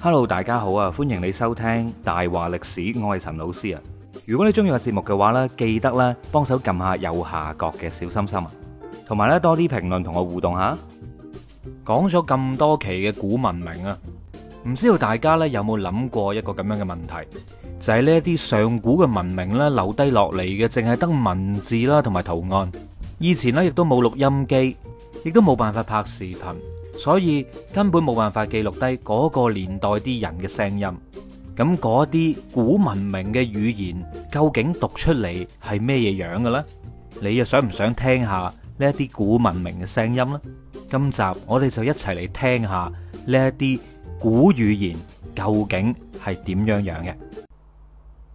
Hello，大家好啊，歡迎你收聽大話歷史，我係陳老師啊。如果你中意我節目嘅話呢，記得咧幫手撳下右下角嘅小心心啊，同埋咧多啲評論同我互動下。講咗咁多期嘅古文明啊，唔知道大家呢有冇諗過一個咁樣嘅問題，就係呢啲上古嘅文明呢，留低落嚟嘅，淨係得文字啦同埋圖案，以前呢，亦都冇錄音機，亦都冇辦法拍視頻。所以根本冇辦法記錄低嗰個年代啲人嘅聲音，咁嗰啲古文明嘅語言究竟讀出嚟係咩嘢樣嘅咧？你又想唔想聽下呢一啲古文明嘅聲音呢？今集我哋就一齊嚟聽下呢一啲古語言究竟係點樣樣嘅。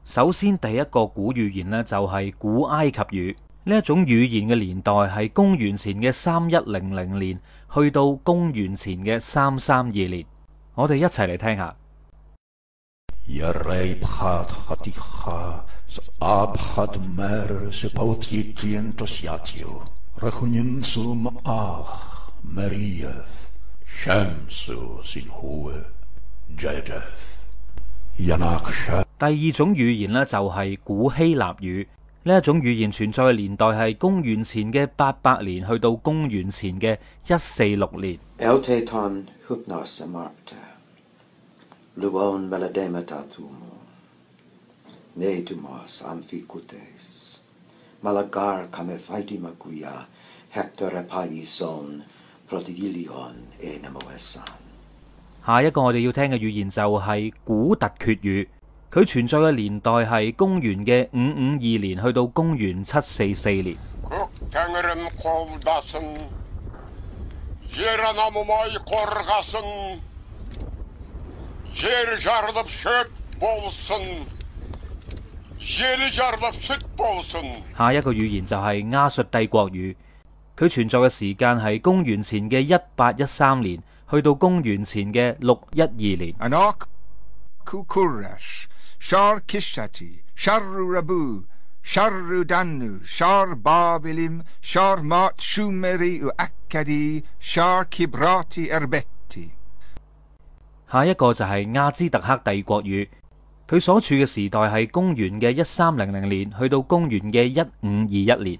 首先，第一個古語言呢，就係古埃及語。呢一種語言嘅年代係公元前嘅三一零零年，去到公元前嘅三三二年。我哋一齊嚟聽一下。第二種語言呢，就係古希臘語。呢一種語言存在嘅年代係公元前嘅八百年，去到公元前嘅一四六年。下一個我哋要聽嘅語言就係古突厥語。佢存在嘅年代係公元嘅五五二年去到公元七四四年。下一個語言就係亞述帝國語，佢存在嘅時間係公元前嘅一八一三年去到公元前嘅六一二年。下一個就係阿茲特克帝國語，佢所處嘅時代係公元嘅一三零零年去到公元嘅一五二一年。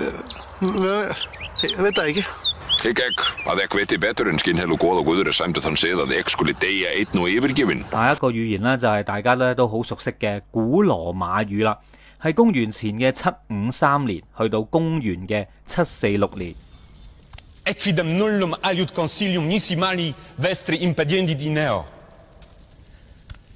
下一個語言呢，就係大家呢都好熟悉嘅古羅馬語啦，係公元前嘅七五三年去到公元嘅七四六年。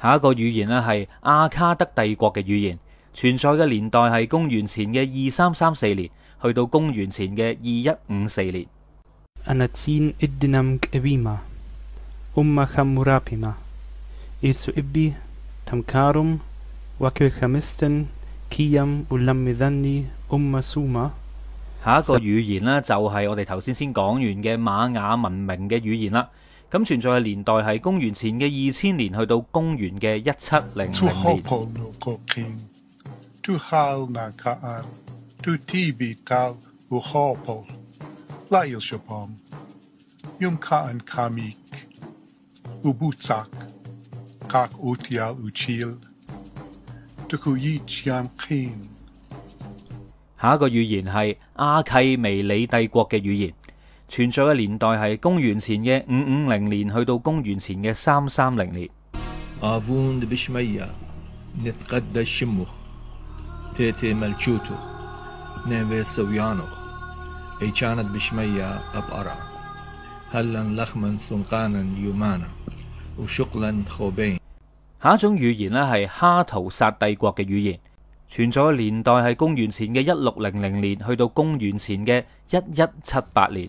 下一個語言呢係阿卡德帝國嘅語言，存在嘅年代係公元前嘅二三三四年，去到公元前嘅二一五四年。下一個語言呢，就係我哋頭先先講完嘅瑪雅文明嘅語言啦。咁存在嘅年代係公元前嘅二千年，去到公元嘅一七零零年。下一個語言係阿契美尼帝國嘅語言。存在嘅年代係公元前嘅五五零年，去到公元前嘅三三零年。下一種語言呢，係哈圖薩帝國嘅語言，存在嘅年代係公元前嘅一六零零年，去到公元前嘅一一七八年。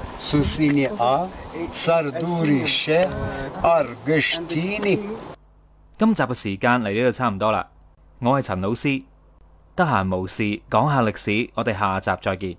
阿、阿今集嘅時間嚟到就差唔多啦。我係陳老師，得閒無事講下歷史，我哋下集再見。